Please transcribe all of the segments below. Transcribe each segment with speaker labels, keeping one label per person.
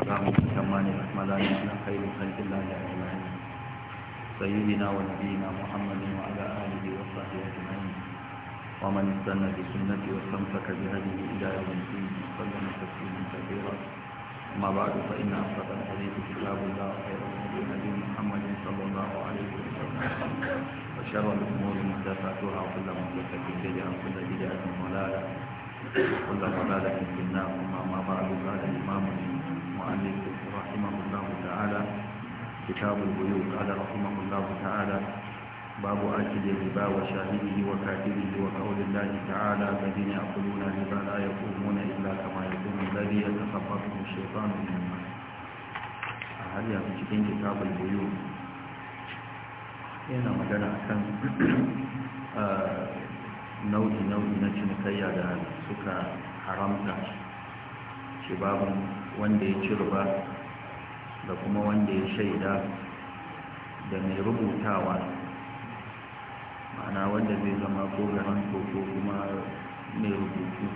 Speaker 1: السلام الكمان الأكملان على خير خلق الله أجمعين سيدنا ونبينا محمد وعلى آله وصحبه أجمعين ومن استنى بسنته واستمسك بهذه إلى يوم الدين وسلم تسليما كثيرا أما بعد فإن أصدق الحديث كتاب الله وخير الهدي نبي محمد صلى الله عليه وسلم وشر الأمور محدثاتها وكل محدثة بدعة وكل بدعة ضلالة وكل ضلالة في النار وما بعد قال الإمام المؤلف رحمه الله تعالى كتاب البيوع قال رحمه الله تعالى باب آكل الربا وشاهده وكاتبه وقول الله تعالى الذين يأكلون الربا لا يقومون إلا كما يقوم الذي يتخبطه الشيطان من المال هل يمكن كتاب البيوع yana magana kan nau'i-nau'i na cinikayya da suka haramta shi babin wanda ya ci ruba, da kuma wanda ya shaida da mai rubutawa ma'ana wanda zai zama ko garanto ko kuma mai rubutu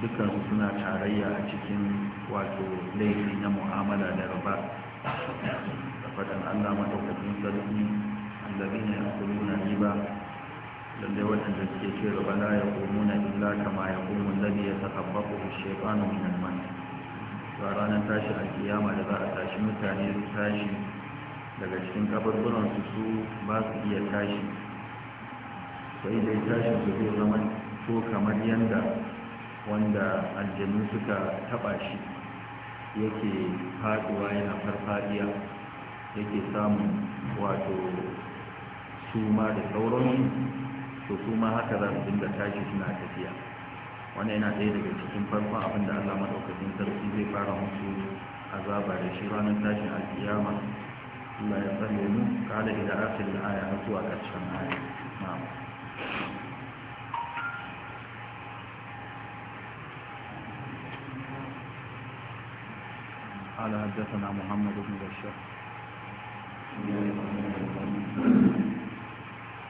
Speaker 1: dukansu suna tarayya a cikin wato laifi na mu'amala da ruba da faɗin allah maɗaukakin sarki allabi ne a kuluna riba lallai waɗanda suke ce riba la ya ƙomuna illa kama ya ƙomun labi ya taɓaɓɓa ko a ranar tashi kiyama da za a tashi mutane su tashi daga cikin kaburburansu su ba su iya tashi sai dai tashi su zai zama so kamar yadda wanda aljanu suka taba shi yake faduwa yana farfadiya yake samun wato su ma da sauransu to su ma haka za su dinga tashi suna tafiya wani yana ɗaya daga cikin farkon abin da allah maɗaukakin sarki zai fara musu azaba da shi ranar tashin alkiyama allah ya tsare mu kada ila asirin aya na zuwa ƙarshen aya na قال حدثنا محمد بن بشار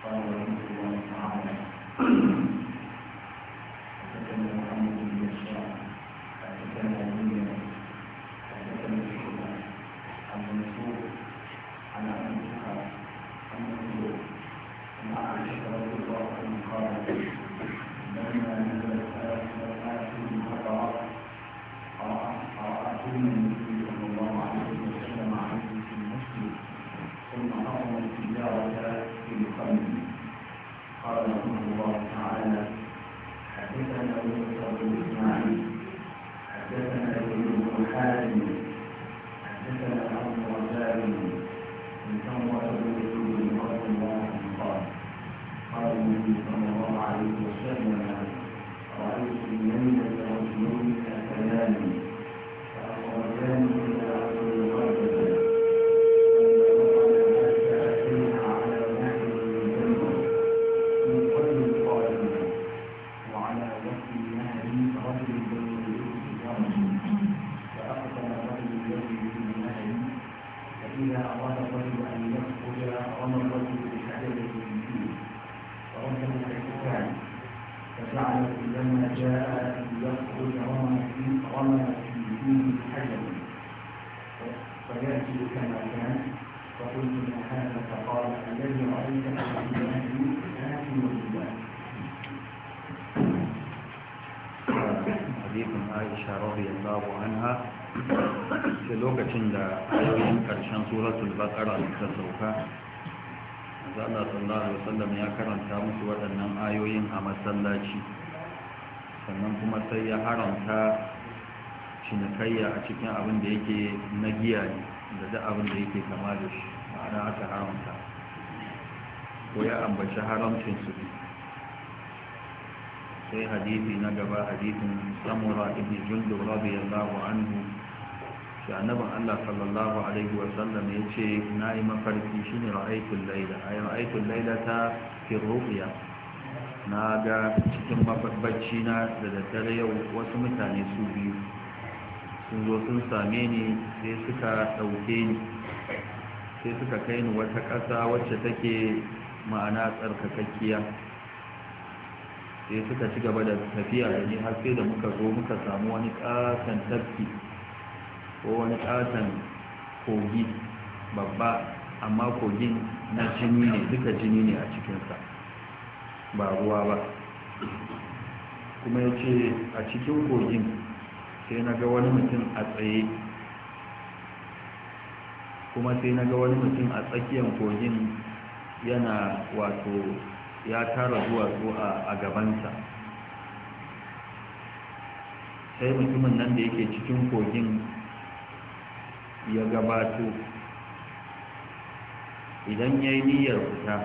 Speaker 2: قال رحمه الله تعالى محمد بن الشام حاتم حدثنا عبد الرزاق من سمرة رضي الله عنه قال قال النبي صلى الله عليه وسلم رأيت اليمين رجلين كلامي
Speaker 1: da annabin Allah sallallahu alaihi wa ya ce na yi mafarki shine ra'aytul a ayi ra'aytul laida ta fi na ga cikin mafarki na da daddare yau wasu mutane su biyu sun zo sun same ni sai suka ɗauke ni sai suka kai ni wata ƙasa wacce take ma'ana tsarkakakkiya sai suka ci gaba da tafiya da ni har sai da muka zo muka samu wani ƙasan tafki ko wani ƙaton kogi babba amma kogin na jini ne duka jini ne a cikinsa ba ruwa ba kuma ya ce a cikin kogin sai na ga wani mutum a tsaye kuma sai na ga wani mutum a tsakiyar kogin yana wato ya tara duwatsu a gabansa sai mutumin nan da yake cikin kogin ya gabato idan ya yi niyyar fita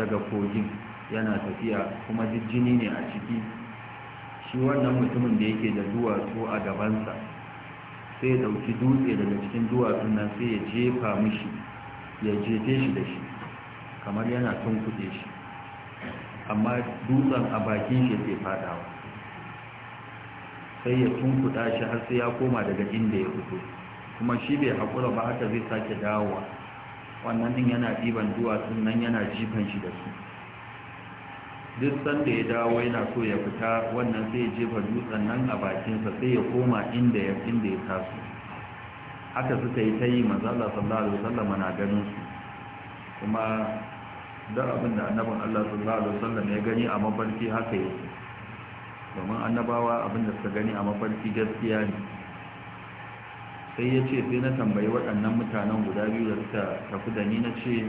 Speaker 1: daga kogin yana tafiya kuma jini ne a ciki shi wannan mutumin da yake da duwatsu a gabansa sai ya ɗauki dutse daga cikin duwatsun nan sai ya jefa mishi ya jefe shi da shi kamar yana tun kuɗe shi amma dutsen a bakin shi ke fadawa sai ya tunkuɗa shi har sai ya koma daga inda ya fito kuma shi bai haƙura ba haka zai sake dawowa wannan din yana ɗiban duwatsun nan yana jifan shi da su duk sanda ya dawo yana so ya fita wannan sai ya jefa dutsen nan a bakinsa sai ya koma inda ya inda ya taso haka suka yi ta yi manzala sallallahu alaihi wasallam na ganin su kuma duk abin da annabin Allah sallallahu alaihi wasallam ya gani a mafarki haka yake domin annabawa abin da suka gani a mafarki gaskiya ne sai ya ce sai na tambayi waɗannan mutanen guda biyu da suka tafi da ni na ce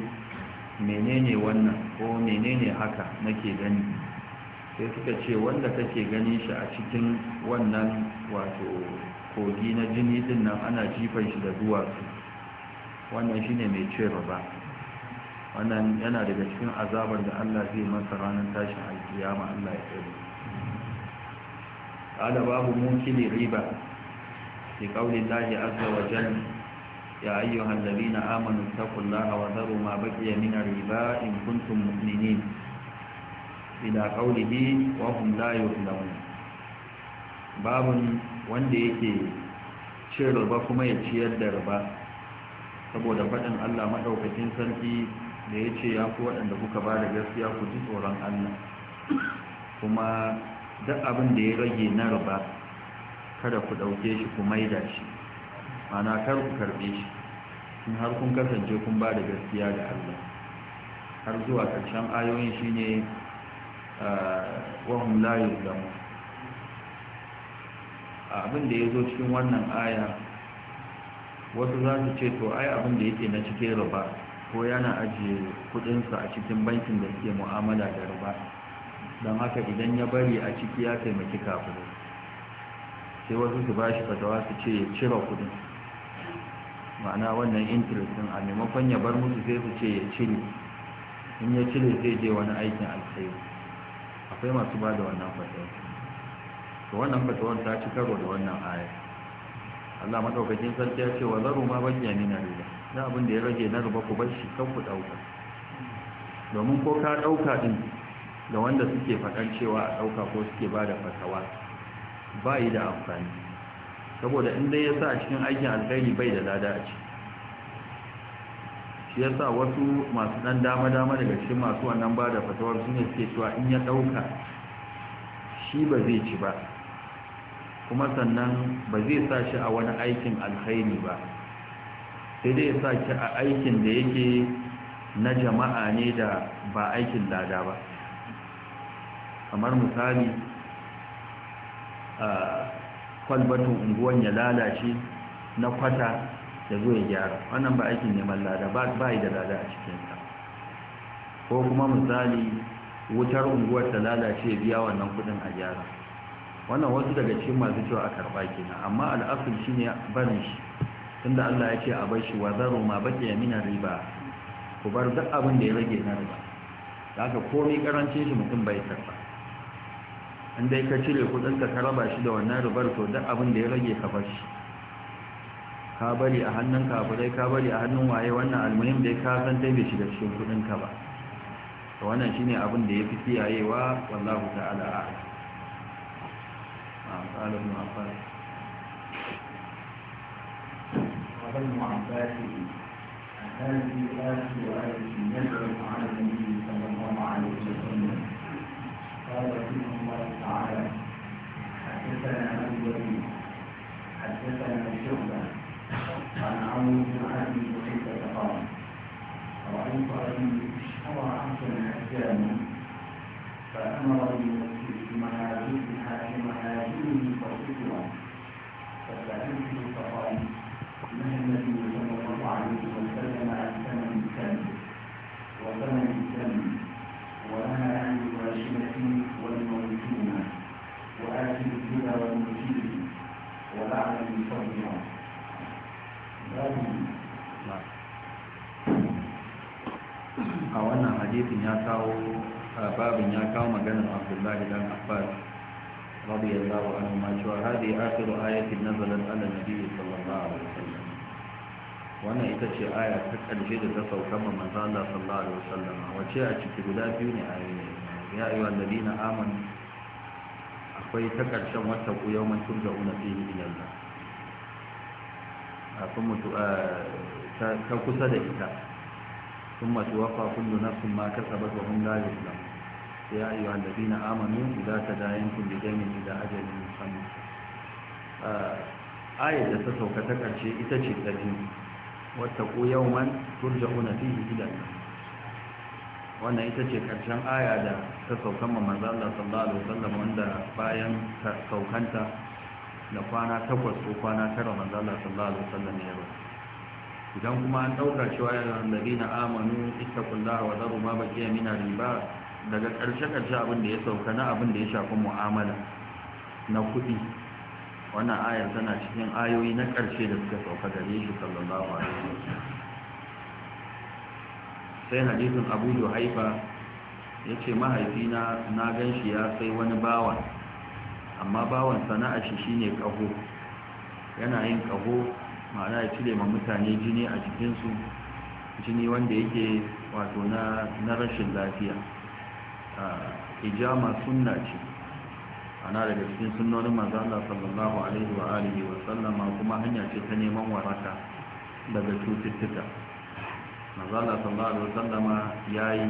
Speaker 1: menene wannan ko menene haka nake gani sai suka ce wanda kake gani shi a cikin wannan wato kogi na jini din nan ana jifan shi da duwatsu wannan shine mai ce ba wannan yana daga cikin azabar da Allah zai masa ranar tashin alkiyama Allah ya tsare babu mun kili riba. لقول الله عز وجل يا أيها الذين آمنوا اتقوا الله وذروا ما بقي من الربا إن كنتم مؤمنين إلى قوله وهم لا يظلمون باب wanda yake cin riba kuma ya ciyar da riba saboda faɗin Allah maɗaukacin sarki da ya ce ya fi waɗanda kuka ba da gaskiya ku ji tsoron Allah kuma duk abin da ya rage na riba kada ku ɗauke shi ku maida shi mana kar ku karɓe shi in har kun kasance kun ba da gaskiya da Allah har zuwa ƙarshen ayoyin shi ne wahun layu damu abin da ya zo cikin wannan aya wasu za su ce to ai abin da yake na cike raba ko yana ajiye kudinsa a cikin bankin da suke mu'amala da raba don haka idan ya bari a ciki ya taimaki kafin sai wasu su ba shi fatawa su ce ya cire kudin ma'ana wannan interest din a maimakon ya bar musu sai su ce ya cire in ya cire zai je wani aikin alkhairi akwai masu ba da wannan fatawa to wannan fatawar ta ci karo da wannan aya Allah madaukakin sarki ya ce wa zaru ma bakiya na rida da abin da ya rage na ruba ku bar shi kan ku dauka domin ko ka dauka din da wanda suke faɗan cewa a dauka ko suke ba da fatawa ba yi da amfani saboda inda ya sa cikin aikin alkhairi bai da lada a ciki shi ya sa wasu masu ɗan dama-dama daga cikin masu wannan ba da fatawar su ne suke cewa in ya ɗauka shi ba zai ci ba kuma sannan ba zai sa shi a wani aikin alkhairi ba sai dai ya sa shi a aikin da yake na jama'a ne da ba aikin lada ba kamar misali kwalbatin unguwan ya lalace na kwata ya zo ya gyara wannan ba aikin neman lada ba yi da lada a cikinsa ko kuma misali wutar unguwar ta lalace ya biya wannan kudin a gyara wannan wasu daga cikin masu cewa a karba kina, amma al'asul ne barin shi tunda Allah ya ce a bar shi wa zaro ma baki ya mina riba ku bar duk abin da ya rage na riba da aka komai karancin shi mutum bai karba an dai ka cire kudinka ka raba shi da wannan rubar to duk abin da ya rage ka bar shi ka bari a hannun kafirai ka bari a hannun waye wannan almuhim dai ka san dai bai shiga cikin kudinka ba to wannan shine abin da yafi kiyayewa wallahu ta'ala a قال ابن عباس
Speaker 2: قال ابن عباس هذه آية وآية يدعو على النبي صلى الله عليه وسلم قال رحمه الله تعالى حدثنا ابو وليد حدثنا شعبه عن عون بن ابي بحيره قال رايت رجل اشترى حسن هجاما فامرني بمهاجمها بمهاجمه فصدوا فسالته فقال ما النبي صلى الله عليه وسلم عن ثمن الكلب وثمن الكلب وأنا أهل الواجبة والمولدين وآتي الهدى والمجيد وأعلم صبرا
Speaker 1: a wannan hadisin ya kawo babin ya kawo maganar abdullahi dan abbas radiyallahu anhu ma cewa hadi akhiru ayatin nazalat ala nabi sallallahu alaihi wasallam wannan ita ce aya ta ƙarshe da ta sauka ma manzo Allah sallallahu alaihi wasallam wace a ciki guda biyu ne a ayoyi ya ayu alladina amanu akwai ta ƙarshen wata ku yawman una fihi ila Allah kuma mutu eh, ta kusa da ita ثم توفى كل نفس ما كسبت وهم لا يظلمون يا ايها الذين امنوا اذا تداينتم بدين الى اجل مسمى آية da ta sauka ta ƙarshe ita ce ta biyu wattaku yawman turja'una fihi ila Allah wannan ita ce karshen aya da ta saukan manzo Allah sallallahu alaihi wasallam wanda bayan ta saukanta da kwana takwas ko kwana tara manzo Allah sallallahu alaihi wasallam ya rubuta
Speaker 3: idan kuma an dauka cewa yaran ladina amanu ittaqullaha wa
Speaker 1: daru ma baqiya min riba daga karshe karshe abin da ya sauka na abin da ya shafi mu'amala na kuɗi wannan ayar tana cikin ayoyi na ƙarshe da suka sauka da ne shi sallallahu alaihi wasallam sai hadisin Abu ya ce mahaifina na gan shi ya sai wani bawan amma bawan sana'a shi shine kaho yana yin kaho ma'ana ya cire ma mutane jini a jikinsu jini wanda yake wato na rashin lafiya a ah, hijama sunna ce na daga cikin sunnonin manzo Allah sallallahu alaihi wa alihi wa sallama kuma hanya ce ta neman waraka daga cututtuka manzo Allah sallallahu alaihi wa sallama yayi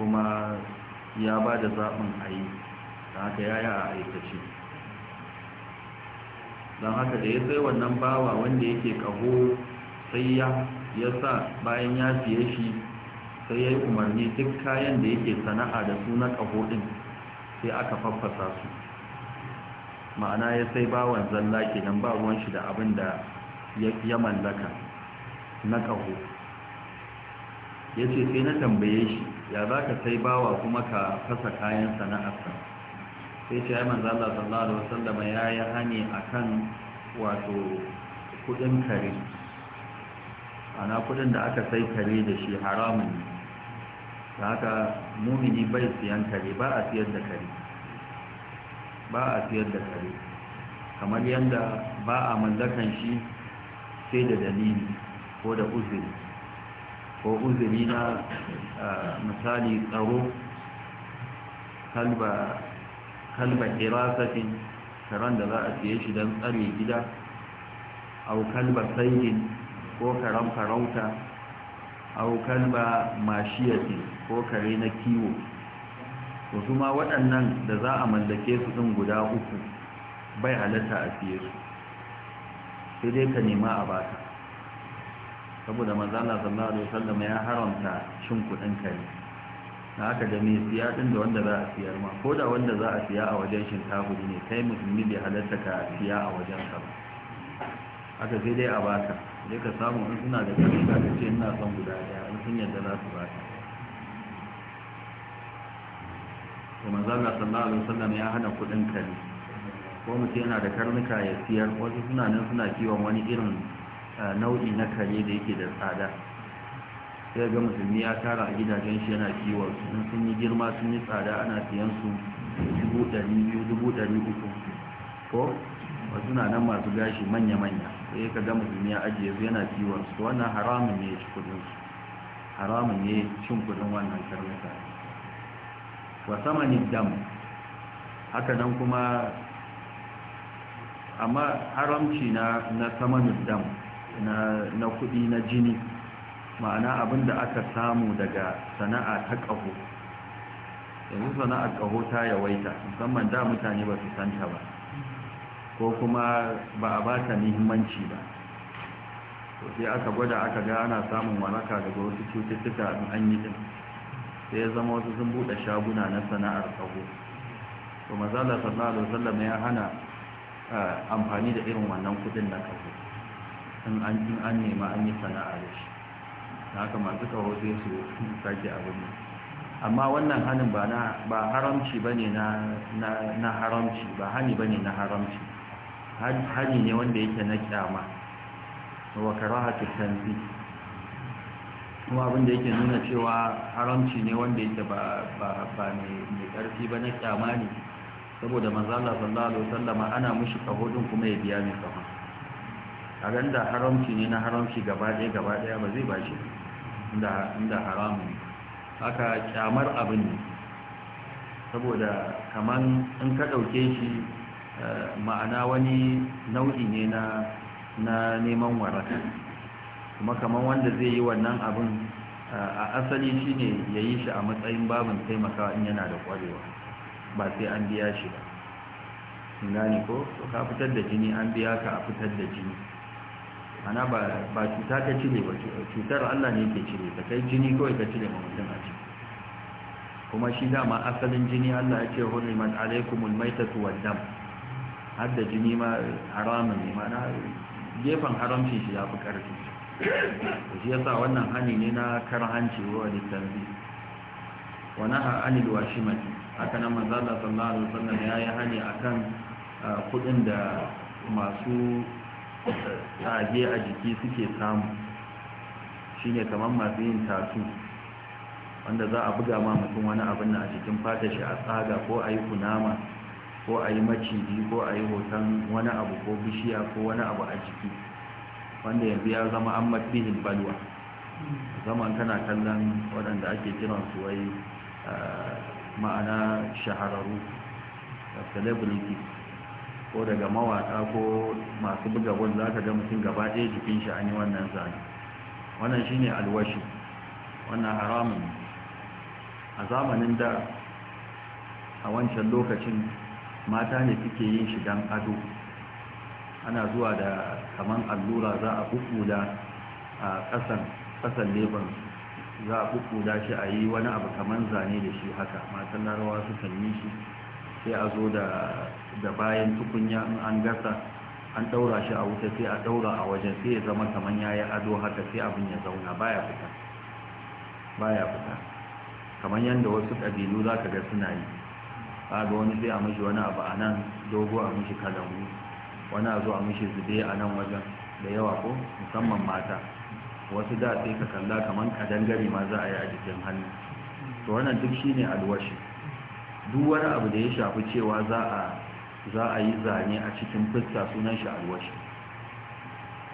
Speaker 1: kuma ya ba da zaɓin ayi da haka ya yi a aikace don haka da ya sai wannan bawa wanda yake kaho sai ya sa bayan ya fiye shi sai ya yi umarni duk kayan da yake sana'a da su na kaho ɗin sai aka faffasa su ma'ana ya sai ba wanzan zalla kenan ba ruwan shi da abin da ya mallaka na ƙaho ya ce sai na tambaye shi ya za ka sai bawa kuma ka fasa kayan sana'arsa sai ce ya manzo Allah sallallahu alaihi wasallam ya yi hani akan wato kudin kare ana kudin da aka sai kare da shi haramun ne da haka mumini bai siyan kare ba a siyar da kare ba a siyar da kare kamar yadda ba a mallakan shi sai da dalili ko da uziri ko uziri na misali tsaro kalba kalba karan da za a siye shi don tsare gida au kalba saidin ko karan farauta au kalba mashiyatin ko kare na kiwo Wasu ma waɗannan da za a mallake su ɗin guda uku bai halatta a fiye su sai dai ka nema a ba baka saboda manzana sallallahu alaihi wasallam ya haramta shin kuɗin kare na aka da mai siya ɗin da wanda za a siyar ma ko da wanda za a siya a wajen shinkafuri ne kai musulmi bai halatta ka siya a wajen ka ba haka sai dai a baka sai ka samu in suna da ƙarfi ka ce ina son guda ɗaya in sun yadda za su baka to manzala sallallahu alaihi wasallam ya hana kudin kare ko mutum yana da karnuka ya siyar wasu suna nan suna kiwon wani irin nau'i na kare da yake da tsada sai ga musulmi ya tara a gidajen shi yana kiwon su in sun yi girma sun yi tsada ana siyan su dubu ɗari biyu dubu ɗari uku ko wasu na nan masu gashi manya-manya sai ka ga musulmi ya ajiye su yana kiwon su wannan haramun ne ya ci kudin su haramun ne cin kudin wannan karnuka wa samanin dam haka kuma amma haramci na na samanin dam na na kudi na jini ma'ana abinda aka samu daga sana'a ta ƙaho yanzu sana'ar ƙaho ta yawaita musamman da mutane ba su santa ba ko kuma ba a ba ta muhimmanci ba sai aka gwada aka ga ana samun waraka daga wasu cututtuka an yi din sai ya zama wasu sun buɗe shaguna na sana'ar tsawo to mazala sallallahu alaihi wasallam ya hana amfani da irin wannan kudin na kafu in an in an nema an yi sana'a da shi da haka masu kawo sai su sake abin amma wannan hannun ba na ba haramci ba na na haramci ba hani ne na haramci hani ne wanda yake na kyama wa karahatu tanzih kuma abin da yake nuna cewa haramci ne wanda yake ba mai ƙarfi ba na kyama ne saboda manzala sallallahu alaihi wasallama ana mushi kahudin kuma ya biya mai kama a haramci ne na haramci gaba ɗaya gaba ɗaya ba zai ba shi inda haramu ne haka kyamar abin ne saboda kamar in ka ɗauke shi eh, ma'ana wani nau'i ne na neman waraka kuma kamar wanda zai yi wannan abin a asali shine ya yi shi a matsayin babin taimakawa in yana da kwarewa ba sai an biya shi ba gane ko ka fitar da jini an biya ka a fitar da jini ana ba cuta ka cire ba cutar allah ne ke cire ta kai jini kawai ka cire ma mutum a ciki kuma shi dama asalin jini allah ya ce hurrimat alaikum maitatu wad dam har da jini ma haramun ne ma gefen haramci shi ya fi karfi yasa wannan hani ne na karhanci da littanzi Wani naha anil washimati haka nan manzo Allah sallallahu alaihi wasallam yi hani akan kudin da masu tage a jiki suke samu shine kamar masu yin tatu wanda za a buga ma mutum wani abin na a cikin fata shi a tsaga ko a yi kunama ko a yi maciji ko a yi hoton wani abu ko bishiya ko wani abu a jiki wanda yanzu ya zama an matsihin balwa zaman kana kallon waɗanda ake kiran su wai eh, ma'ana shahararru da celebrity ko daga mawaƙa ko masu buga wani za ka ga mutum gaba ɗaya jikin shi an yi wannan zane wannan shi ne alwashi wannan haramun a zamanin da a wancan lokacin mata ne suke yin shigan ado ana zuwa da kamar allura za a bukuda a kasan kasan leban za a bukuda shi a yi wani abu kamar zane da shi haka matan larawa su yi shi sai a zo da bayan tukunya in an gasa an ɗaura shi a wuta sai a ɗaura a wajen sai ya zama kamar ya yi ado haka sai abin ya zauna baya fita baya fita kamar yadda wasu ƙabilu za ka ga suna yi ba ga wani sai a mashi wani abu a nan dogo a mashi kalangu wani a zuwa mishi zube a nan wajen da yawa ko musamman mata wasu da sai ka kalla kamar kadangare ma za a yi a jikin hannu to wannan duk shine alwashi duk wani abu da ya shafi cewa za a za a yi zane a cikin fuska sunan shi alwashi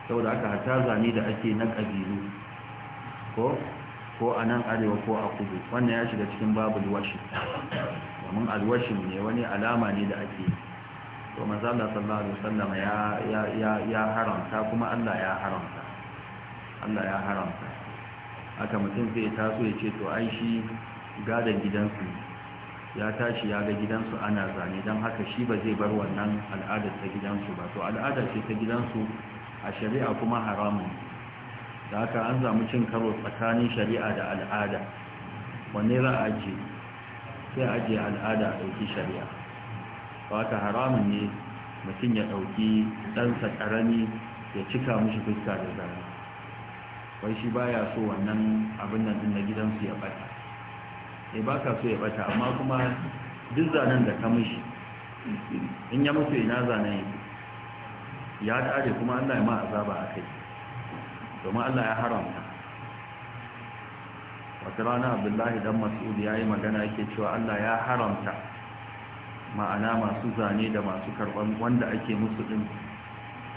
Speaker 1: saboda aka hata zane da ake na kabilu ko ko a nan arewa ko a kudu wannan ya shiga cikin babu alwashi
Speaker 3: domin alwashin
Speaker 1: ne wani alama ne da ake yi to manzo Allah sallallahu alaihi wasallam ya ya ya haramta kuma Allah ya haramta Allah ya haramta aka mutum zai taso ya ce to ai shi gadan gidansu ya tashi ya ga gidansu ana zane dan haka shi ba zai bar wannan al'ada ta gidansu ba to al'ada ce ta gidansu a shari'a kuma haramun da haka an zamu cin karo tsakanin shari'a da al'ada wanne ra'aji sai ajiye al'ada a ɗauki shari'a wata haramun ne mutum ya ɗauki ɗansa ƙarami ya cika mishi fuska da zara wai shi baya so wannan abin nan na gidansu ya bata eh, ba ka so ya bata amma kuma duk zanen da ka mishi in ya mutu ina zanen ya ƙare kuma allah ya ma azaba a kai domin allah ya haramta wata rana abdullahi dan mas'ud ya yi magana yake cewa allah ya haramta ma'ana masu zane da masu karban wanda ake musu din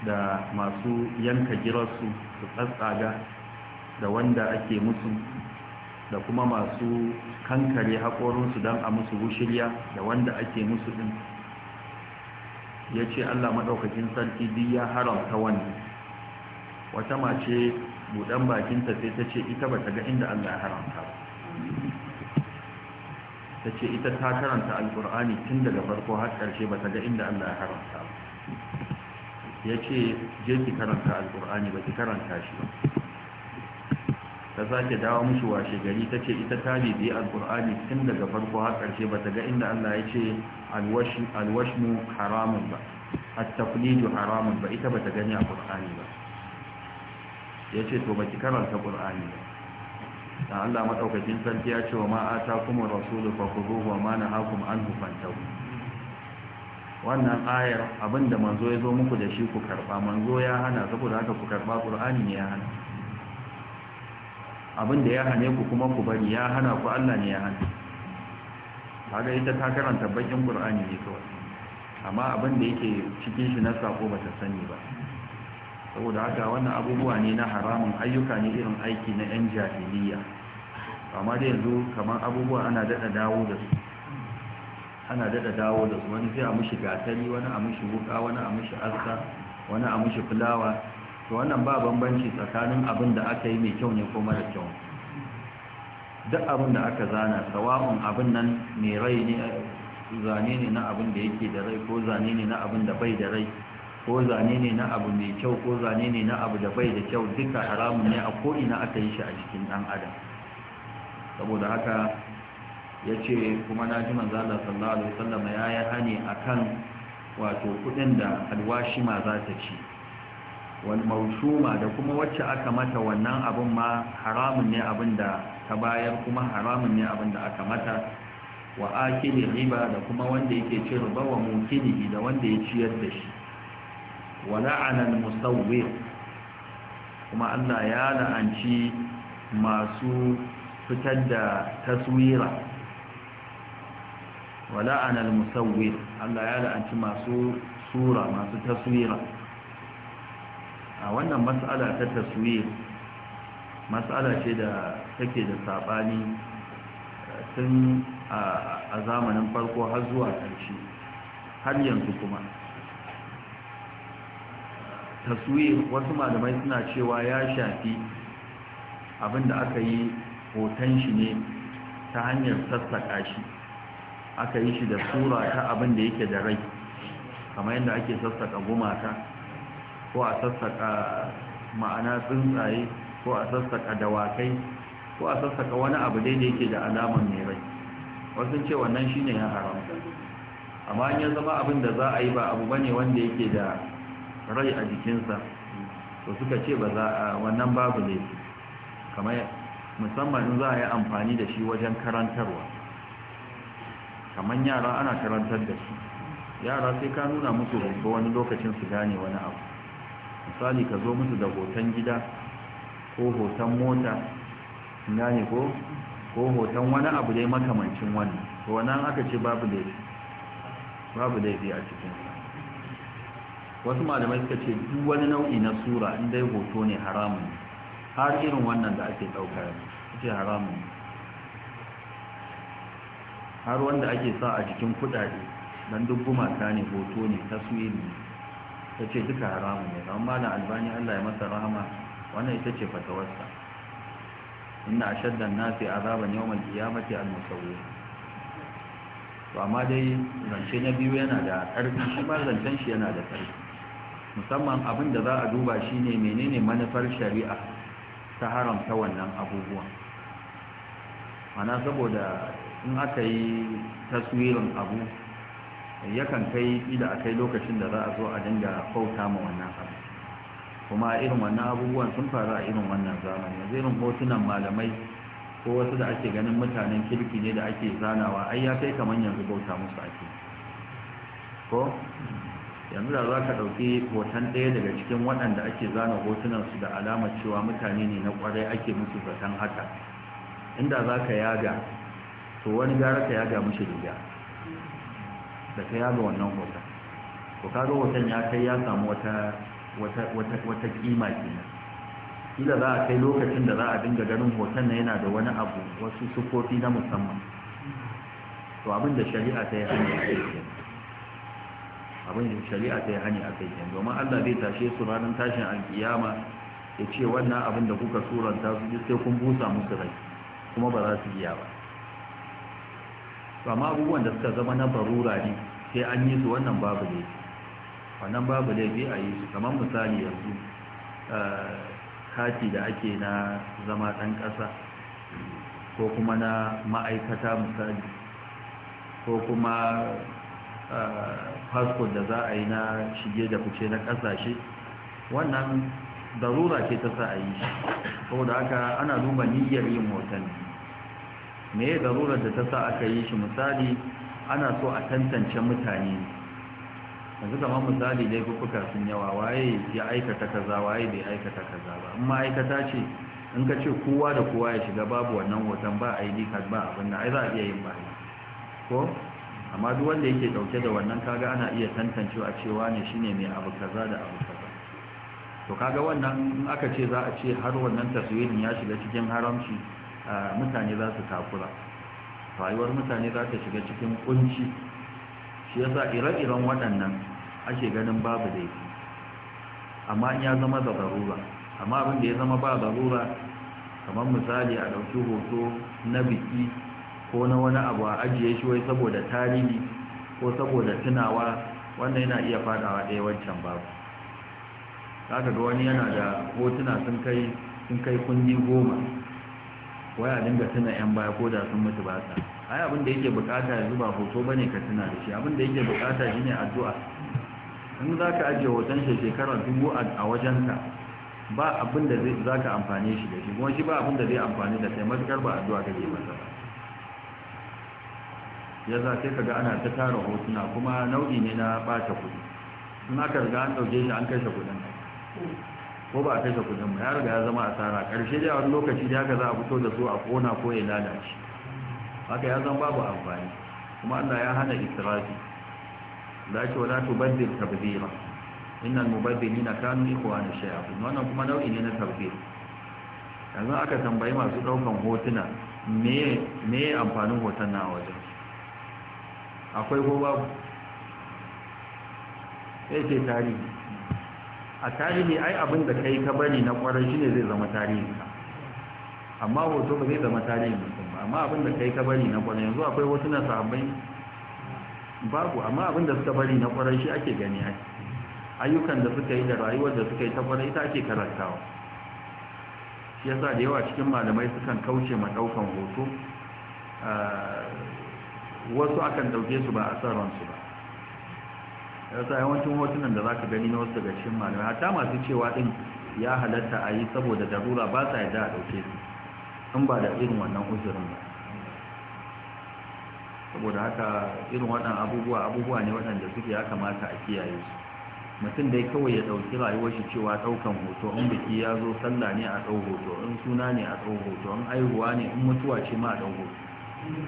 Speaker 1: da masu yanka girarsu su tsatsaga da wanda ake musu da kuma masu kankare haƙorinsu don a musu bushiriya da wanda ake musu din ya ce allah maɗaukakin sarki biyu ya haramta wani. wata mace buɗan bakinta sai ta ce ita ba ta ga inda allah ya haramta ba ta ce ita ta karanta Alƙur'ani tun daga farko har ƙarshe ba ta ga inda allah ya haramta ya ce je ki karanta Alƙur'ani, ba ki karanta shi ba ta sake dawo musu washe gari ta ce ita ta bibi Alƙur'ani tun daga farko har ƙarshe ba ta ga inda allah ya ce alwashmu haramun ba attafliju haramun ba ita ba ta gani a ƙur'ani ba ya ce to ba ki karanta ƙur'ani ba dan Allah madaukakin sarki ya ce wa ma kuma rasulu zo wa ma nahakum anhu fantahu wannan ayar abinda manzo ya zo muku da shi ku karba manzo ya hana saboda haka ku karba qur'ani ne ya hana abinda ya hane ku kuma ku bari ya hana ku Allah ne ya hana kaga ita ta karanta bakin qur'ani ne kawai amma abinda yake cikin shi na sako ba ta sani ba saboda haka wannan abubuwa ne na haramun ayyuka ne irin aiki na 'yan jahiliya amma da yanzu kamar abubuwa ana daɗa dawo da su ana daɗa dawo da su wani sai a mushi gatari wani a mushi wuka wani a mushi arsa wani a mushi fulawa to wannan ba bambanci tsakanin abin da aka yi mai kyau ne ko mara kyau duk abin da aka zana sawa'un abin nan mai rai ne zane ne na abin da yake da rai ko zane ne na abin da bai da rai ko zane ne na abu mai kyau ko zane ne na abu da bai da kyau duka haramun ne a ko'ina aka yi shi a jikin ɗan adam saboda haka ya ce kuma na ji manzana sallallahu alaihi wasallam ya yi hane a kan wato kudin da ma za ta ci wani maushuma da kuma wacce aka mata wannan abin ma haramun ne abin da ta bayar kuma haramun ne abin da aka mata wa akili riba da kuma wanda yake ci riba wa mukini da wanda ya ciyar da shi wa la'ana al kuma Allah ya la'anci masu fitar da taswira wa la'ana al-musawwir Allah ya la'anci masu sura masu taswira a wannan mas'ala ta taswir mas'ala ce da take da sabani tun a zamanin farko har zuwa ƙarshe har yanzu kuma taswir wasu malamai suna cewa ya shafi abinda aka yi hoton shi ne ta hanyar sassaƙa shi aka yi shi da sura ta abinda yake da rai kamar yadda ake sassaƙa gumaka ko a sassaƙa ma'ana tsuntsaye ko a sassaƙa dawakai ko a sassaƙa wani abu dai da yake da alamar mai rai wasu ce wannan shine ya haramta amma ya zama abin da za a yi ba abu bane wanda yake da rai a jikinsa to suka ce ba za a wannan babu ne kamar musamman za a yi amfani da shi wajen karantarwa kamar yara ana karantar da su yara sai ka nuna musu hoto wani lokacin su gane wani abu misali ka zo musu da hoton gida ko hoton mota gane ko ko hoton wani abu dai makamancin wani to wannan aka ce babu laifi babu laifi a cikin wasu malamai suka ce duk wani nau'i na sura in dai hoto ne haramun har irin wannan da ake ɗauka ce haramun har wanda ake sa a jikin kuɗaɗe don duk gumaka ne hoto ne taswiri ne ta ce duka haramun ne amma na albani allah ya masa rahama wannan ita ce fatawarsa inna ashaddan nasi azaban yawmal qiyamati al-musawwir to amma dai zance na biyu yana da ƙarfi shi ma zancen shi yana da ƙarfi musamman abin da za a duba shi ne menene manufar shari'a ta haramta wannan abubuwan mana saboda in aka yi taswirin abu yakan kai ila a kai lokacin da za a zo a dinga bauta ma wannan abu kuma irin wannan abubuwan sun faru a irin wannan zamani yanzu irin hotunan malamai ko wasu da ake ganin mutanen kirki ne da ake zanawa ai ya kai kamar yanzu bauta musu ake ko yanzu da za ka ɗauki hoton ɗaya daga cikin waɗanda ake zana hotunansu da alamar cewa mutane ne na ƙwarai ake musu zaton haka inda za ka yaga to wani gara ka yaga mushi riga da ka yaga wannan hoton to ga hoton ya kai ya samu wata wata kima kenan kila za a kai lokacin da za a dinga ganin hoton na yana da wani abu wasu sufofi na musamman to abin da shari'a ta yi hanyar aiki abin da shari'a ta yi hani a kai kenan domin Allah zai tashe su ranar tashin alkiyama ya ce wannan abin da kuka suranta su sai kun busa musu rai kuma ba za su iya ba to abubuwan da suka zama na barura ne sai an yi su wannan babu ne wannan babu laifi a yi su kamar misali yanzu eh, kati da ake na zama ɗan ƙasa ko kuma na ma'aikata misali ko kuma fasfot eh, da za a yi na shige da fice na ƙasashe wannan darura ce ta sa a yi shi saboda haka ana duba niyyar yin hoton me ya darurar da ta sa aka yi shi misali ana so a tantance mutane yanzu kamar misali dai laifuka sun yawa waye ya aikata kaza waye bai aikata kaza ba amma aikata ce in ka ce kowa da kowa ya shiga babu wannan hoton ba a yi dika ba abin da ai za a iya yin ba ko amma duk wanda yake dauke da wannan kaga ana iya tantancewa cewa ne shine mai abu kaza da abu kaza to kaga wannan in aka ce za a ce har wannan taswirin ya shiga cikin haramci mutane za su takura rayuwar mutane za ta shiga cikin kunci shi yasa ire-iren waɗannan ake ganin babu laifi amma in ya zama da zarura amma abin da ya zama ba zarura kamar misali a ɗauki hoto na biki ko na wani abu a ajiye shi wai saboda tarihi ko saboda tunawa wannan yana iya fadawa ɗaya wancan babu ka ga wani yana da hotuna sun kai sun kai kunni goma wai a dinga tuna yan baya ko da sun mutu ba sa ai abin da yake bukata ya zuba hoto ba ne ka tuna da shi abin da yake bukata shine addu'a in za ka ajiye hoton shi shekarar dubu a wajenka ba abin da za ka amfane shi da shi kuma shi ba abin da zai amfani da kai matukar ba addu'a kake masa ba ya za sai kaga ana ta tara hotuna kuma nau'i ne na bata kuɗi in aka riga an ɗauke shi an kashe kuɗin ko ba a kashe kuɗin ba ya riga ya zama asara karshe dai a wani lokaci da haka za a fito da su a kona ko ya lalace haka ya zama babu amfani kuma Allah ya hana israfi da ake wala tubaddil tabdira innal mubaddilina kanu ikhwana shayatin wannan kuma nau'i ne na tabdir yanzu aka tambayi masu daukan hotuna me me amfanin hoton na wajen akwai ko babu ya ce tarihi a tarihi ai abin da ka yi ka bari na kwarai ne zai zama tarihi amma hoto ba zai zama tarihi mutum ba amma abin da ka yi ka bari na kwarai yanzu akwai wasu na sahabbai babu amma abin da suka bari na kwarai shi ake gani ai ayyukan da suka yi da rayuwar da suka yi ta kwarai ita ake karantawa shi yasa da yawa cikin malamai sukan kauce ma ɗaukan hoto ah, wasu akan dauke su ba a san ransu ba yasa yawancin hotunan da zaka gani na wasu daga cikin malamai hatta masu cewa din ya halatta a yi saboda darura ba sa yadda a dauke su in ba da irin wannan uzurin ba saboda haka irin waɗannan abubuwa abubuwa ne waɗanda suke ya kamata a kiyaye su mutum dai kawai ya ɗauki rayuwar shi cewa ɗaukan hoto in biki ya zo sallah ne a ɗau hoto in suna ne a ɗau hoto in aihuwa ne in mutuwa ce ma a ɗau hoto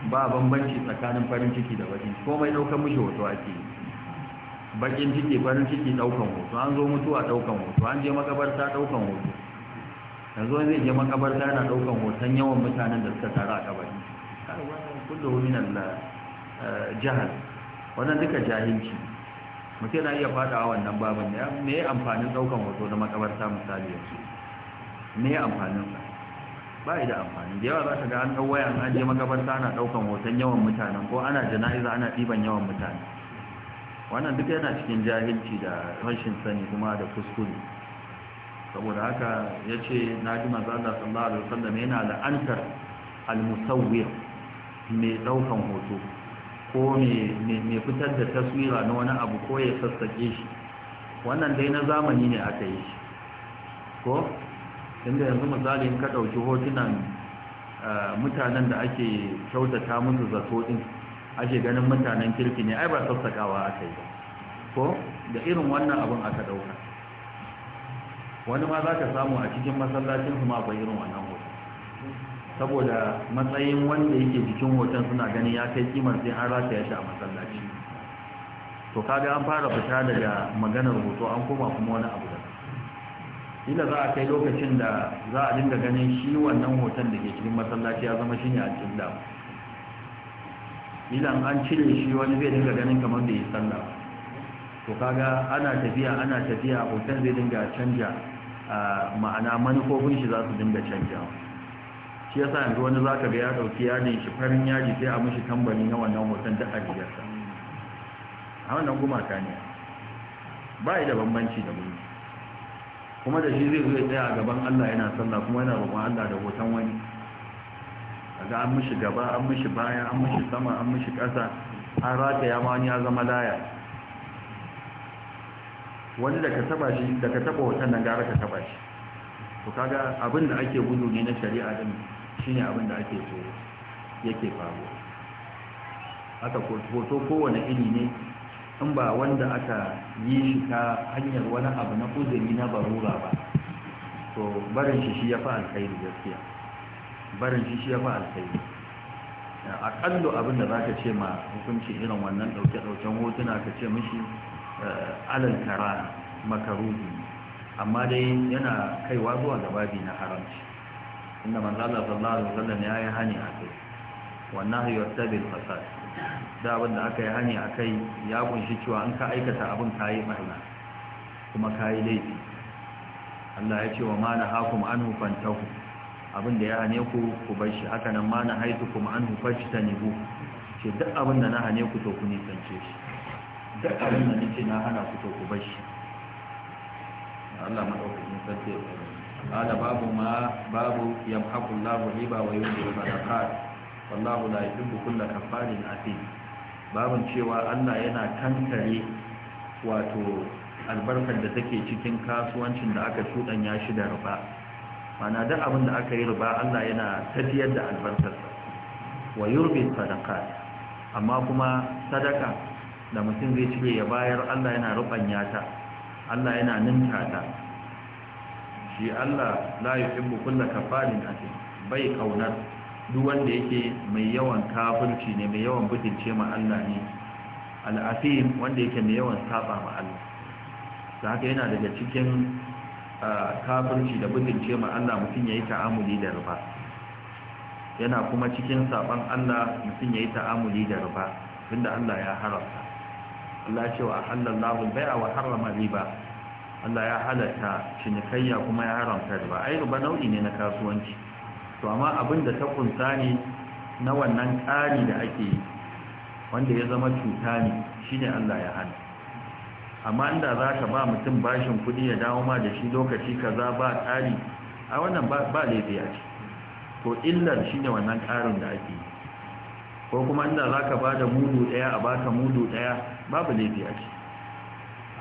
Speaker 1: ba bambanci tsakanin farin ciki da bakin komai daukan mishi hoto ake bakin ciki farin ciki daukan hoto an zo mutuwa daukan hoto an je makabarta daukan hoto yanzu zai je makabarta yana daukan hoton yawan mutanen da suka taru a kabari kullu min al eh, jahal wannan duka jahilci mutum na iya fadawa wannan baban ne me amfanin daukan hoto na makabarta misali yanzu me amfanin sa ba da amfani da yawa za ka ga an ɗau waya an je makabarta ana ɗaukan hoton yawan mutanen ko ana jana'iza ana ɗiban yawan mutane wannan duk yana cikin jahilci da rashin sani kuma da kuskure saboda haka ya ce na ji mazala sallallahu alaihi wasallam yana la'antar almusawwir mai ɗaukan hoto ko mai fitar da taswira na wani abu ko ya sassaƙe shi wannan dai na zamani ne aka yi shi ko tunda yanzu misali in ka ɗauki hotunan eh, mutanen da ake kyautata musu zato ɗin ake ganin mutanen kirki ne ai ba sassaƙawa aka yi ba ko da irin wannan abin aka ɗauka wani ma za ka samu a cikin masallacin kuma akwai irin wannan hoton saboda matsayin wanda yake jikin hoton suna ganin ya kai kimar sai an rataya shi a masallaci to kaga an fara fita daga maganar hoto an koma kuma wani abu kila za a kai lokacin da za a dinga ganin shi wannan hoton da ke cikin masallaci ya zama shi ne a cikin damu kila an cire shi wani zai dinga ganin kamar da yi sallah to kaga ana tafiya ana tafiya hoton zai dinga canja ma'ana manufofin shi za su dinga canja shi yasa yanzu wani za ka ga ya ɗauki yadin shi farin yaji sai a mishi tambari na wannan hoton da a jiyarsa a wannan gumaka ne ba da bambanci da mu kuma da shi zai zo ya tsaya a gaban Allah yana sallah kuma yana roƙon Allah da hoton wani kaga an mishi gaba an mishi baya an mishi sama an mishi ƙasa an ya ma ya zama laya wani da ka taba shi da ka taba hoton nan gara ka taba shi to kaga abin da ake gudu ne na shari'a din shine abin da ake so yake faruwa haka hoto kowane iri ne in ba wanda aka yi shi ta hanyar wani abu na uzuri na barura ba to barin shi shi ya fi alkhairi gaskiya barin shi shi ya fi alkhairi kallo abin da za ka ce ma hukunci irin wannan ɗauke-ɗauken hotuna ka ce mishi eh, alankara makaruhi amma dai yana kaiwa zuwa gababi na haramci inda manzala sallallahu alaihi wasallam ya yi hani a kai wannan hayyar tabin fasad da abin da aka yi hani a kai ya kunshi cewa an ka aikata abin ka yi barna kuma ka yi laifi Allah ya ce wa ma na hakum an ku abin da ya hane ku ku bar shi haka nan ma na haitu kuma an shi ta nihu ce duk abin da na hane ku to ku nisance shi duk abin da nake na hana ku to ku bar shi Allah madaukakin sarki ya tsare قال باب ما باب يمحق الله الربا وينزل الصدقات والله لا يحب كل كفار اثيم babin cewa Allah yana tankare wato albarkar da take cikin kasuwancin da aka cuɗanya shi da ruba mana duk abin da aka yi ruba Allah yana tafiyar da albarkarsa wa yurbi sadaqat amma kuma sadaka da mutum zai cire ya bayar Allah yana rubanya ta Allah yana ninta ta shi Allah la yuhibbu kulla kafarin atin bai kaunar duk wanda yake mai yawan kafirci ne mai yawan butulce ma Allah ne al'afim wanda yake mai yawan saba ma Allah da haka yana daga cikin kafirci da butulce ma Allah mutum yayi ta'amuli da riba yana kuma cikin saban Allah mutum yayi ta'amuli da riba tunda Allah ya haramta Allah ya ce wa halallahu bai'a wa harrama riba Allah ya halatta cinikayya kuma ya haramta riba ai riba nau'i ne na kasuwanci to amma abin da ta kunsa ne na wannan ƙari da ake yi wanda ya zama cuta ne shine Allah ya hana amma inda za ka ba mutum bashin kuɗi ya dawo ma da shi lokaci kaza ba ƙari a wannan ba laifi a ce to illar shine wannan ƙarin da ake yi ko kuma inda za ka ba da mudu ɗaya a baka mudu ɗaya babu laifi a ce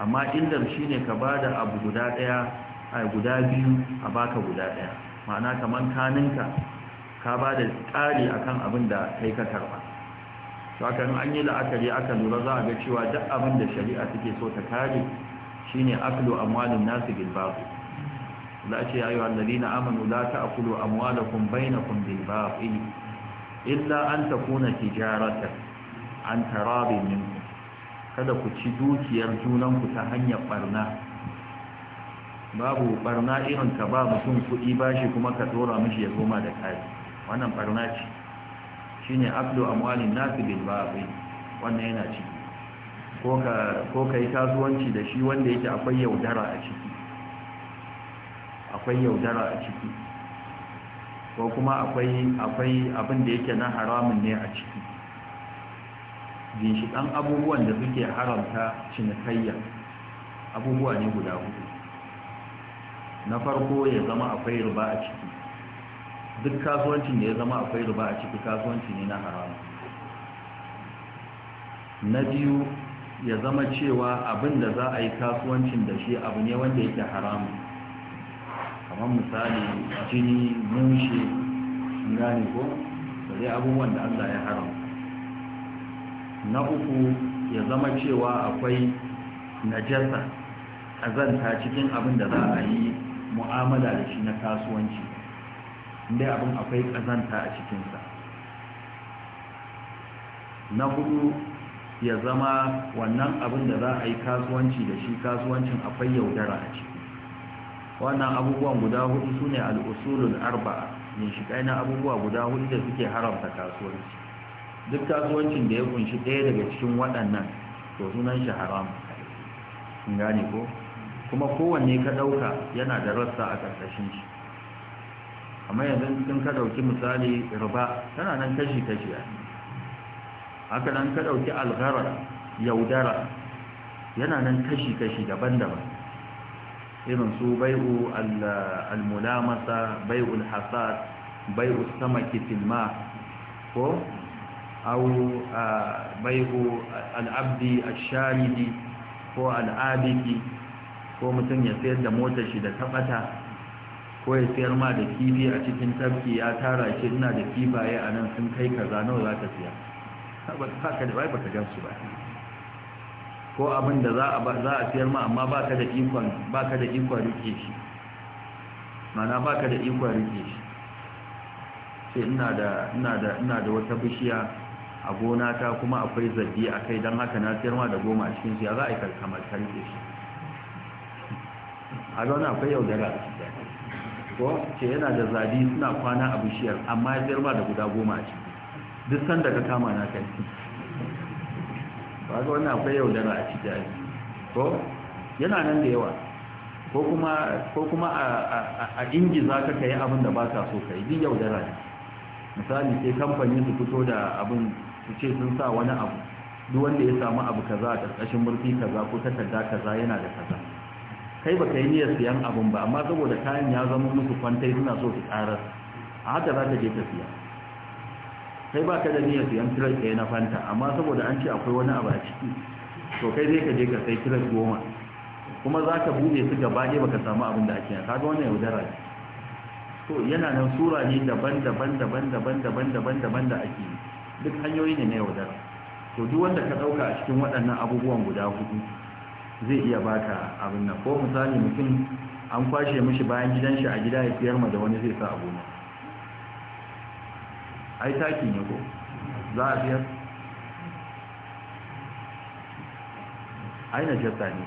Speaker 1: amma illar shine ka ba da abu guda ɗaya a guda biyu a baka guda ɗaya ma'ana kamar kaninka ka ba da tsari akan abin da kai ka karba sakan an yi la'akari aka lura za a ga cewa duk abin da shari'a take so ta kare shine aklu amwalun nasu bil za a ce ayu alladina amanu la ta'kulu amwalakum bainakum bil batil illa an takuna tijaratan an tarabin minkum kada ku ci dukiyar junanku ta hanyar barna babu barna irin ka ba mutum kuɗi shi kuma ka tsora mishi ya koma da kari wannan barna ce shine abdu amwalin nasu bil babi wannan yana ciki ko ka ko kasuwanci da shi wanda yake akwai yaudara a ciki akwai yaudara a ciki ko kuma akwai akwai abin da yake na haramun ne a ciki ginshiƙan abubuwan da suke haramta cinikayya abubuwa ne guda hudu na farko ya zama akwai ruba a ciki duk kasuwancin da ya zama akwai ruba a ciki kasuwanci ne na haram na biyu ya zama cewa abin da za a yi kasuwancin da shi abu ne wanda yake haram kamar misali jini mushe gane ko da abubuwan da allah ya haram na uku ya zama cewa akwai najasa azanta cikin abin da za a yi mu'amala da shi na kasuwanci inda abin akwai kazanta a cikinsa na hudu ya zama wannan abin da za a yi kasuwanci da shi kasuwancin akwai yaudara a ciki wannan abubuwan guda hudu su ne al'usulun arba'a kai na abubuwa guda hudu da suke haramta kasuwanci duk kasuwancin da ya kunshi ɗaya daga cikin waɗannan to sunan shi haram gane ko kuma kowanne ka ɗauka yana da rassa a ƙarƙashin shi amma yanzu cikin ka ɗauki misali riba tana nan kashi kashi haka nan ka ɗauki yaudara yana nan kashi kashi daban-daban irin su bai'u al-mulamasa bai'u al-hasad bai'u samaki filma ko au bai'u al-abdi al ko al ko mutum ya sayar da motar shi da taɓata ko ya sayar ma da kifi a cikin tafki ya tara shi ina da kifaye a nan sun kai kaza nawa za ka siya haka da bai baka su ba ko abin da za a sayar ma amma ba ka da ikon ba ka da ikon rike shi mana ba ka da ikon rike shi
Speaker 3: sai ina da
Speaker 1: ina da ina da wata bishiya a gona ta kuma akwai zabbi a kai don haka na sayar ma da goma a cikin shi ya za a yi karkamar karfe shi a zauna akwai yaudara ko ce yana da zabi suna kwana a bishiyar amma ya zirma da guda goma a ciki duk sanda ka kama na kai ba ga wannan akwai yaudara a ciki ai ko yana nan da yawa ko kuma ko kuma a a za ka kai abin da ba ka so kai din yaudara ne misali sai kamfani su fito da abin su ce sun sa wani abu duk wanda ya samu abu kaza a ƙarƙashin murfi kaza ko takarda kaza yana da kaza kai ba ka yi niyyar siyan abin ba amma saboda kayan ya zama musu kwantai suna so su karar a haka za ka je ka siya kai ba ka da niyyar siyan kirar ɗaya na fanta amma saboda an ce akwai wani abu a ciki to kai zai ka je ka sai kirar goma kuma za ka buɗe su gaba ɗaya ba ka samu abin da ake ka ga wannan yaudara ne to yana nan sura ne daban daban daban daban daban daban daban da ake duk hanyoyi ne na yaudara to duk wanda ka ɗauka a cikin waɗannan abubuwan guda hudu zai iya baka abin nan ko misali mutum an kwashe mishi bayan gidan shi a gida ya siyar ma da wani zai sa abu ai taki ne ko za a siyar ai na jasa ne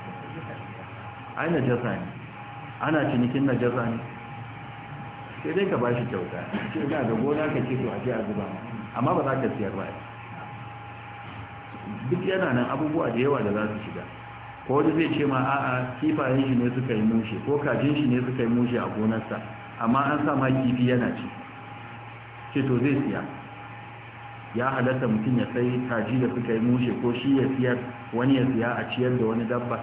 Speaker 1: ai na jasa ne ana cinikin na jasa ne sai dai ka ba shi kyauta ce ga ga gona ka ce to a ji a zuba amma ba za ka siyar ba duk yana nan abubuwa da yawa da za su shiga ko wani zai ce ma a'a kifayen shi ne suka yi mushe ko kajin shi ne suka yi mushe a gonarsa amma an sa ma kifi yana ci ce to zai siya ya halatta mutum ya sai kaji da suka yi mushe ko shi ya siya wani ya siya a ciyar da wani dabba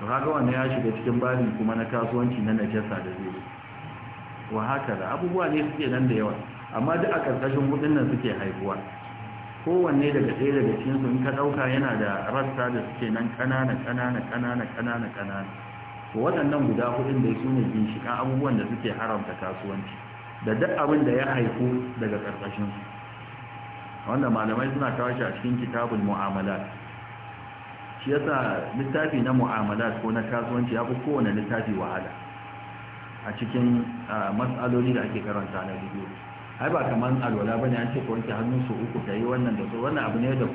Speaker 1: to haka wannan ya shiga cikin bari kuma na kasuwanci na najasa da zai wa haka da abubuwa ne suke nan da yawa amma duk a ƙarƙashin kuɗin nan suke haihuwa kowanne daga ɗaya daga su in ka ɗauka yana da rassa da suke nan ƙanana ƙanana ƙanana ƙanana ƙanana to waɗannan guda hudun da su ne ginshiƙan abubuwan da suke haramta kasuwanci da duk abin da ya haifu daga ƙarƙashinsu wanda malamai suna kawo shi a cikin kitabul mu'amalat shi yasa littafi na mu'amalat ko na kasuwanci ya fi kowane littafi wahala a cikin ah, matsaloli da ake karanta na bidiyo ai ba kamar alwala bane an ce ka wanke hannu su uku ka yi wannan da su wannan abu ne da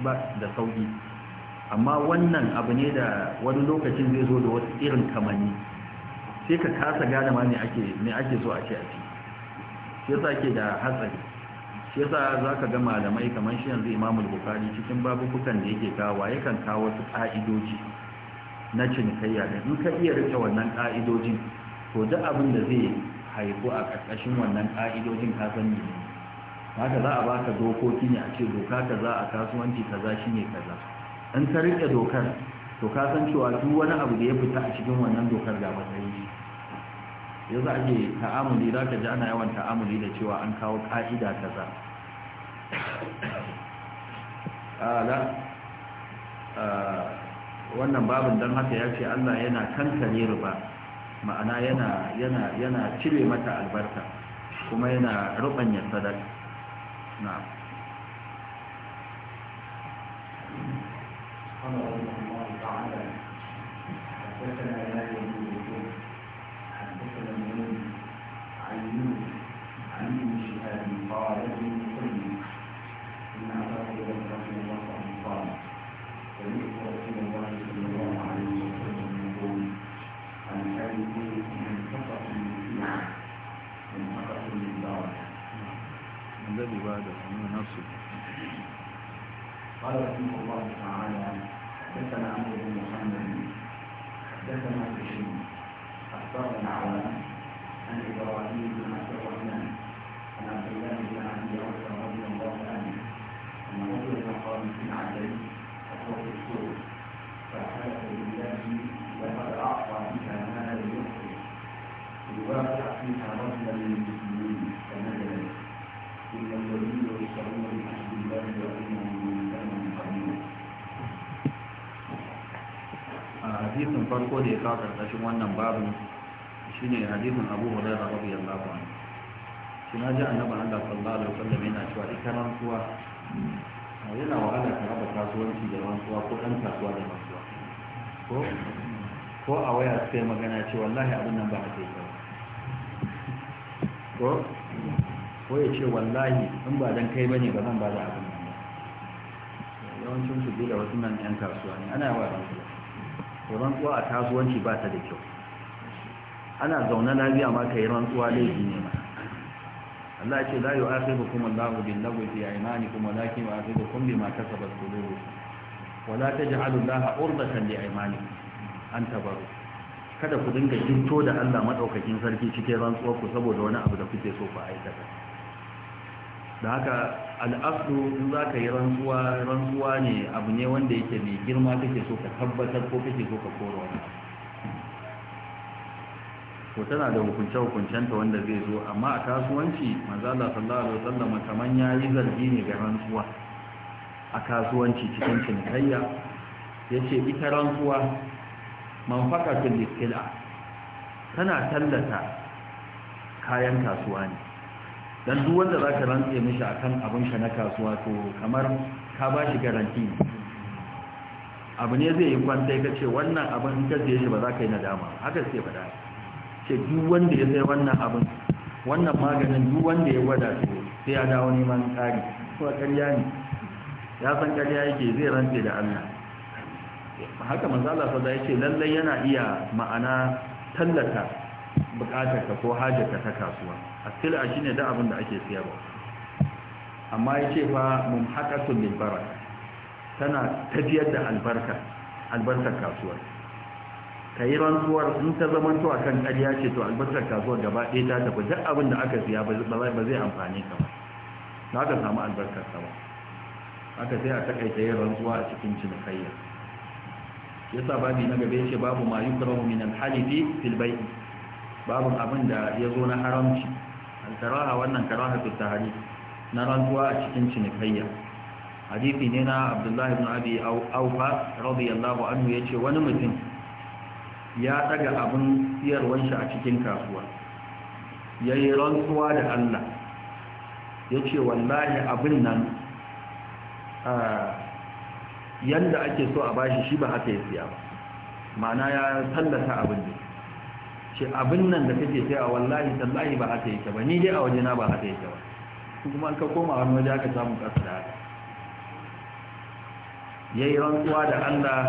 Speaker 1: ba sauki amma wannan abu ne da wani lokacin zai zo da wasu irin kamani sai ka kasa gane ma ne ake ne ake so a ce a ci shi yasa ke da hatsari shi yasa zaka ga malamai kamar shi yanzu Imam Bukhari cikin babukukan da yake kawo yakan kawo wasu ka'idoji na cinikayya da in ka iya rike wannan ka'idojin to duk abin da zai haifu a ƙarƙashin wannan ƙa'idojin kasan ne haka za a baka dokoki ne a ce doka za a kasuwanci kaza shine kaza in ka riƙe dokar to ka san cewa duk wani abu da ya fita a cikin wannan dokar ga ya za yanzu ake ta'amuli za ka ji ana yawan ta'amuli da cewa an kawo ƙa'ida za wannan babin don haka ya ce Allah yana kankare riba ma'ana yana yana yana cire mata albarka kuma yana rubanya sadaka na
Speaker 2: قال رحمه الله تعالى حدثنا حدثنا هشام اخبرنا عوان عن ابراهيم بن عبد الرحمن عن عبد الله بن عبد عوف رضي الله عنه ان رجلا قام في العدل وهو في السوق فحلف بالله لقد اعطى بها ما لم يحصي ليواقع فيها رجلا من المسلمين فنزلت ان الولي يشترون بحمد الله وبينهم
Speaker 1: hadisin farko da ya kawo karkashin wannan babin shine hadisin abu hurairah radiyallahu anhu shi na ji annabi Allah sallallahu alaihi wasallam yana cewa ita rantsuwa yana wahala ka raba kasuwanci da rantsuwa ko dan kasuwa da rantsuwa ko ko a waya sai magana ce wallahi abin nan ba haka yake ko ko ya ce wallahi in ba dan kai bane ba zan ba da abin nan ba. yawancin su da wasu nan yan kasuwa ne ana yawa rantsuwa rantsuwa a kasuwanci ba ta da kyau ana zaune lafiya ma ka yi rantsuwa laifi ne ma Allah ce za yi wa la yu'akhidukum Allahu bil lagwi fi aymanikum walakin yu'akhidukum bima ta qulubukum wala taj'alu Allaha da li imani an tabaru kada ku dinga jinto da Allah maɗaukakin sarki cikin rantsuwar ku saboda wani abu da kuke so ku aikata da haka al'aslu in za ka yi rantsuwa ne abu ne wanda yake mai girma kake so ka tabbatar ko kake so ka koro wani ko tana da hukunce hukuncenta wanda zai zo amma a kasuwanci manzo sallallahu alaihi wasallam kaman yi zargi ne ga rantsuwa a kasuwanci cikin cinikayya ce ita rantsuwa manfaqatul tun tana tallata kayan kasuwa ne dan duk wanda za ka rantse mishi akan abin ka na kasuwa to kamar ka ba shi garanti abu ne zai yi kwanta ka ce wannan abin in ka siye shi ba za ka yi nadama haka sai faɗa ce duk wanda ya sai wannan abin wannan maganin duk wanda ya gwada su sai ya dawo neman ƙari kuma ƙarya ne ya san ƙarya yake zai rantse da Allah haka manzo Allah sai ya ce lallai yana iya ma'ana tallata bukatar ka ko hajjarka ta kasuwa as-sil'a shine da abin da ake siyarwa amma yace fa mumhaqatun lil baraka tana tafiyar da albarkar kasuwar yi rantsuwar in ta zamanto kan ƙarya ce to albarkar kasuwar gaba ɗaya ta tafi duk abin da aka siya ba zai amfani ka ba za ka samu albarkar ba aka sai a takaita yin rantsuwa a cikin cinikayya yasa babi na gaba yace babu ma yukrahu min halifi fil babu abin da ya zo na haramci al-karaha wannan karaha fi tahari na rantuwa a cikin cinikayya hadisi ne na abdullahi ibn abi awfa radiyallahu anhu yace wani mutum ya daga abin siyarwan shi a cikin kasuwa yayi rantsuwa da Allah yace wallahi abin nan yanda ake so a bashi shi ba haka ya siya ba Mana ya tallata abin ne ce abin nan da kake sai a wallahi tallahi ba haka yake ba ni dai a wajena ba haka yake ba kuma an ka koma wani waje aka samu kasa da haka ya yi rantsuwa da allah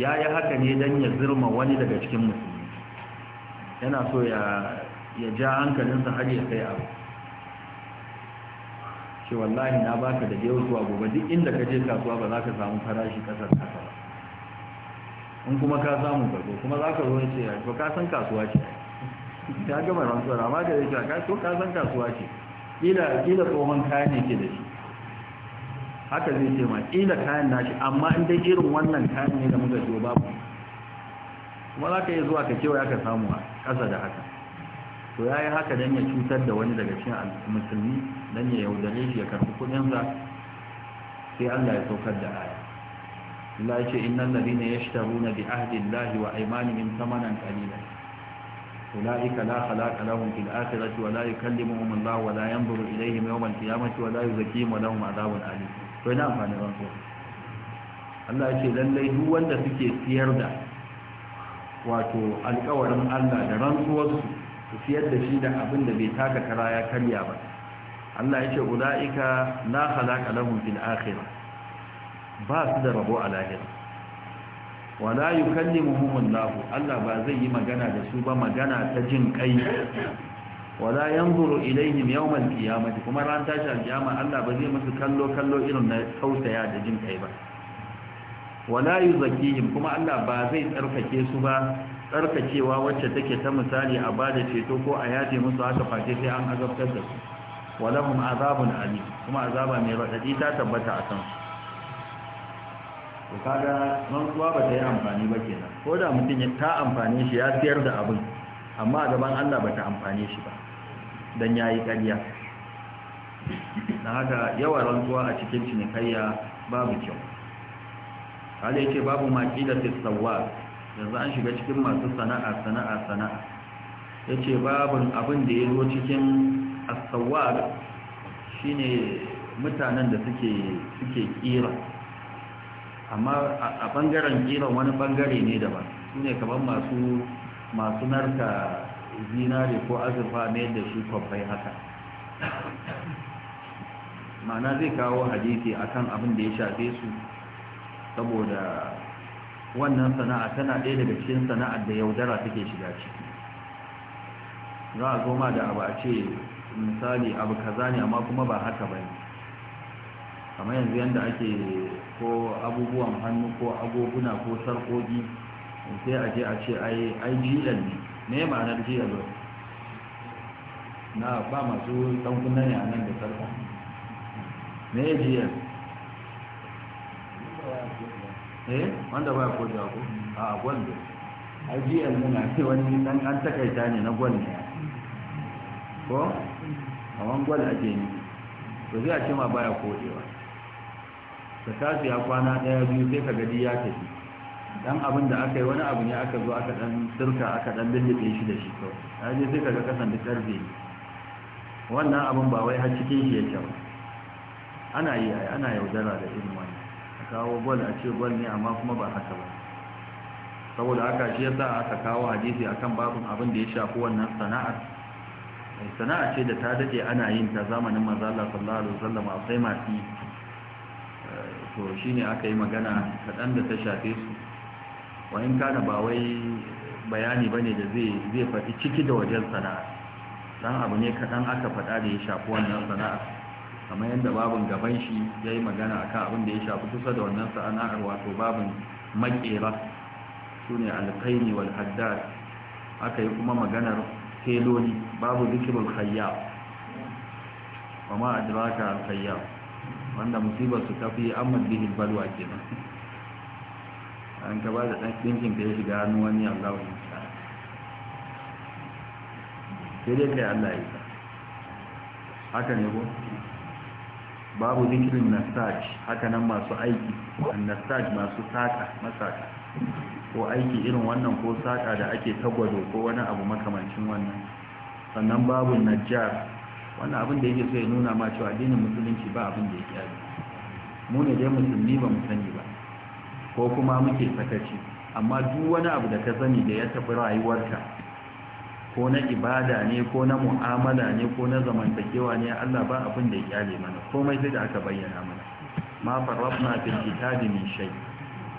Speaker 1: ya yi haka ne don ya zirma wani daga cikin musulmi yana so ya ja hankalinsa har ya kai abu ce wallahi na baka da yau gobe duk inda ka je kasuwa ba za ka samu farashi kasar kasa ba in kuma ka samu karbo kuma za ka zo ce ya ka san kasuwa ce Ya gama rantsuwar amma da zai ka to ka san kasuwa ce Ƙila tsohon kayan ne ke da shi haka zai ce ma kila kayan shi amma in dai irin wannan kayan ne da muka ciwo babu kuma za ka yi zuwa ka cewa ya ka samu a ƙasa da haka to ya yi haka don ya cutar da wani daga cikin musulmi don ya yaudare shi ya karɓi kuɗinsa sai allah ya saukar da aya Allah ya ce innal ladina yashtaruna bi ahdi Allah wa aymanihim thamanan qalila ulaika la khalaqa lahum fil akhirati wa la yukallimuhum Allah wa la yanzuru ilayhim yawm al-qiyamati wa la yuzakkihim wa lahum adhabun alim to ina amfani ranko Allah ya ce lallai duk wanda suke siyar da wato alƙawarin Allah da rantsuwarsu su siyar da shi da abin da bai taka kara ya karya ba Allah ya ce ulaika la khalaqa lahum fil akhirati ba su da rabo a lahira wala kalli yukallimuhum Allah Allah ba zai yi magana da su ba magana ta jin kai wala yanzuru ilaihim yawm al-qiyamah kuma ran tashi al-qiyama Allah ba zai musu kallo kallo irin na tausaya da jin kai ba wala yuzakihim kuma Allah ba zai tsarkake su ba tsarkakewa wacce take ta misali a bada ceto ko a yaje musu haka face sai an azabtar da su Wala walahum azabun Ali, kuma azaba mai radadi ta tabbata a kansu to kaga rantsuwa ba ta yi amfani ba kenan ko da mutum ya ta amfani shi ya siyar da abin amma a gaban Allah ba ta amfane shi ba don ya yi karya. na haka yawa rantsuwa a cikin cinikayya babu kyau hali yake babu maƙila da yanzu an shiga cikin masu sana'a sana'a sana'a ya ce abin da ya zo cikin asawar shine mutanen da suke ƙira amma a bangaren jiran wani bangare ne daban su ne kamar masu masu narka zinare ko azurfa mai da shi kwabbai haka mana zai kawo hadisi akan abin da ya shafe su saboda wannan sana'a tana ɗaya daga cikin sana'ar da yaudara take shiga ciki za a zo da abu a ce misali abu kaza ne amma kuma ba haka ba ne kamar yanzu yadda ake ko abubuwan hannu ko agoguna ko sarkoki sai a je a ce ai gl ne ne ma'anar gl na ba masu tankunan ne a nan da sarka ne jiyar eh wanda ba ko jago a gwanda ai gl ne na ce wani dan an takaita ne na gwanda ko a gwal ake ne to zai a ce ma baya kodewa ka tashi ya kwana ɗaya biyu sai ka gadi ya tafi dan abin da aka yi wani abu ne aka zo aka dan sirka aka dan lullube shi da shi kawai ya je sai ka ga kasan da karfe wannan abin ba wai har cikin shi yake ba ana yi ana yaudara da irin wani a kawo gol a ce gol ne amma kuma ba haka ba saboda haka shi yasa aka kawo hadisi akan babin abin da ya shafi wannan sana'ar sana'a ce da ta dade ana yin ta zamanin manzo Allah sallallahu alaihi wasallam sai masu to shi ne aka yi magana kaɗan da ta shafe su wa'in kana ba wai bayani ba ne da zai faɗi ciki da wajen sana'a ɗan abu ne kaɗan aka faɗa da ya shafi wannan sana'a kamar yadda babin gaban shi ya yi magana a kan abin da ya shafi kusa da wannan sana'ar wato babin maƙera. su ne alkaini wal haddad aka yi kuma maganar teloli babu zikirul khayyab Kuma ma adraka al wanda musibar su tafi amman bihi balwa kenan an ka ba da dan dinkin da ya shiga hannu wani Allah ya sa sai dai kai Allah ya haka ne ko babu na nasaj haka nan masu aiki nasaj masu saka masaka ko aiki irin wannan ko saka da ake tagwado ko wani abu makamancin wannan sannan babu najjar wannan abin da yake so ya nuna ma cewa addinin musulunci ba abin da yake yi mu ne dai musulmi ba mu sani ba ko kuma muke sakaci amma duk wani abu da ka sani da ya tafi rayuwarka ko na ibada ne ko na mu'amala ne ko na zamantakewa ne Allah ba abin da ya kyale mana komai sai da aka bayyana mana ma farrafna fil kitabi min shay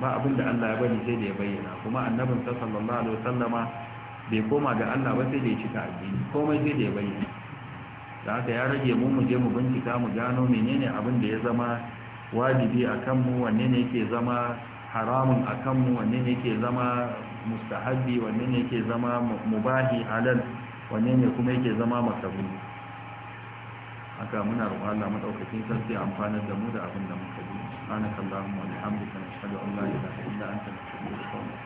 Speaker 1: ba abin da Allah ya bari sai da ya bayyana kuma annabin sallallahu alaihi wasallama bai koma ga Allah ba sai da ya cika addini komai sai da ya bayyana da haka ya rage mu mu je mu bincika mu gano menene abin da ya zama wajibi a kanmu wanne ne yake zama haramun a kanmu wanne ne yake zama mustahabbi wanne ne yake zama mubahi halal wanne ne kuma yake zama makabu haka muna roƙon Allah madaukakin sarki amfanar da mu da abin da muka yi subhanakallahumma wa bihamdika nashhadu an la ilaha illa anta nastaghfiruka wa natubu